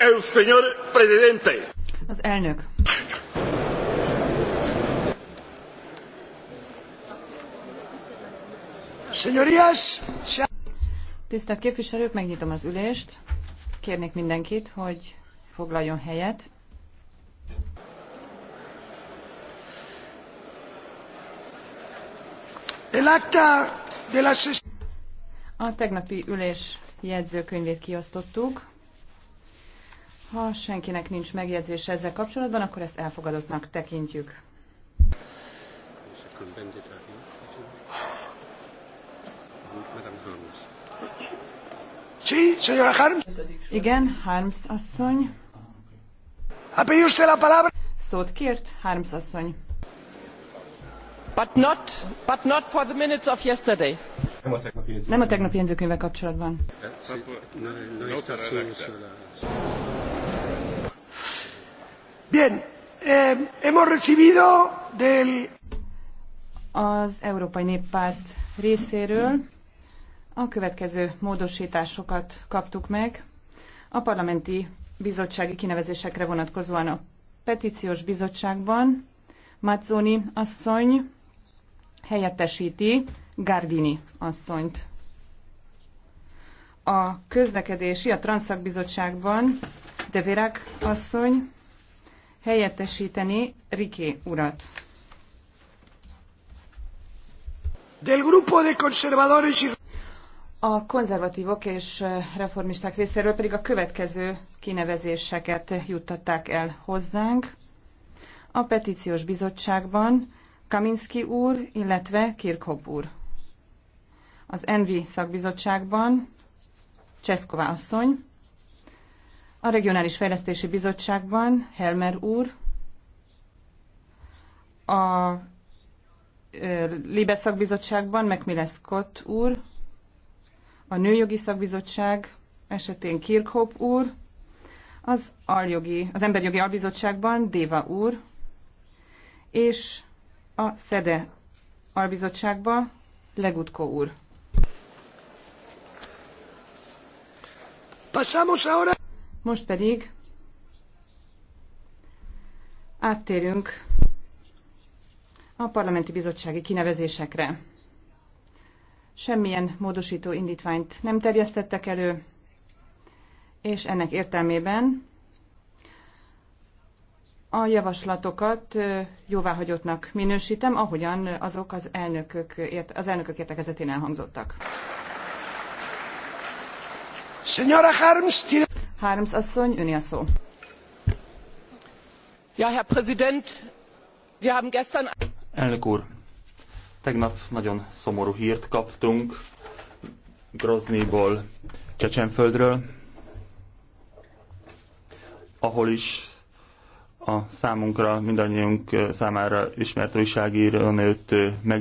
El señor presidente. Az elnök. Señorías, Tisztelt képviselők, megnyitom az ülést. Kérnék mindenkit, hogy foglaljon helyet. El acta de la a tegnapi ülés jegyzőkönyvét kiosztottuk. Ha senkinek nincs megjegyzése ezzel kapcsolatban, akkor ezt elfogadottnak tekintjük. Sí, señora Harms. Igen, Harms asszony. Ha pedido la palabra? Szót kért, Harms asszony. But not, but not for the minutes of yesterday. Nem a tegnapi jegyzőkönyve kapcsolatban. Eh, Az Európai Néppárt részéről a következő módosításokat kaptuk meg. A parlamenti bizottsági kinevezésekre vonatkozóan a petíciós bizottságban Mazzoni asszony helyettesíti Gardini asszonyt. A közlekedési, a Transzakbizottságban Deverak asszony helyettesíteni Riké urat. Del grupo de conservadores y... A konzervatívok és reformisták részéről pedig a következő kinevezéseket juttatták el hozzánk. A petíciós bizottságban Kaminski úr, illetve Kirkhop úr. Az Envi szakbizottságban Cseszkova asszony, a Regionális Fejlesztési Bizottságban Helmer úr a Libe szakbizottságban Macmillan Scott úr, a Nőjogi Szakbizottság esetén Kirkhope úr, az, aljogi, az Emberjogi Albizottságban Déva úr, és a SZEDE Albizottságban Legutko úr. Pasamos ahora most pedig áttérünk a parlamenti bizottsági kinevezésekre. Semmilyen módosító indítványt nem terjesztettek elő, és ennek értelmében a javaslatokat jóváhagyottnak minősítem, ahogyan azok az elnökök, ért, az elnökök értekezetén elhangzottak. Señora Harms, Herr Präsident, wir haben gestern... Elnök úr, tegnap nagyon szomorú hrt kaptunk Groznyból, Csecsenföldről, ahol is a számunkra, mindannyiunk számára ismert újságíró nőtt meg